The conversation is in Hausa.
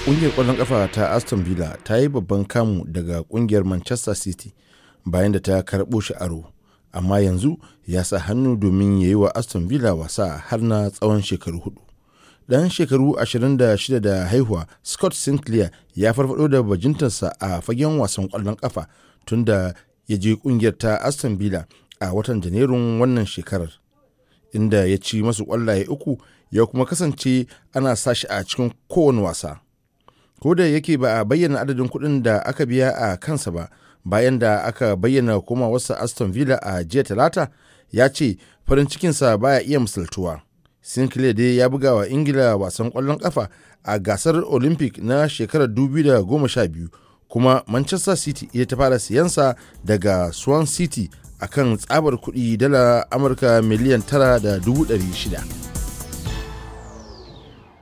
Ƙungiyar kwallon ƙafa ta Aston Villa ta yi babban kamu daga ƙungiyar Manchester City bayan da ta karɓo shi aro, amma yanzu ya sa hannu domin ya yi wa Aston Villa wasa har na tsawon shekaru hudu. Ɗan shekaru 26 da haihuwa Scott Sinclair ya farfado da bajintarsa a fagen wasan kwallon ƙafa tun da ya je ƙungiyar ta Aston Villa a watan Janairun wannan shekarar. Inda ya ci masu kwallaye uku ya kuma kasance ana sashi a cikin kowane wasa. ko da yake ba a bayyana adadin kuɗin da aka biya a kansa ba bayan da aka bayyana kuma wasu aston villa a jiya talata ya ce farin cikinsa baya iya misaltuwa sinclair dai ya buga wa ingila wasan ƙwallon ƙafa a gasar olympic na shekarar 2012 kuma manchester city ya ta fara siyansa daga swan city akan tsabar kuɗi dala amurka miliyan 9,600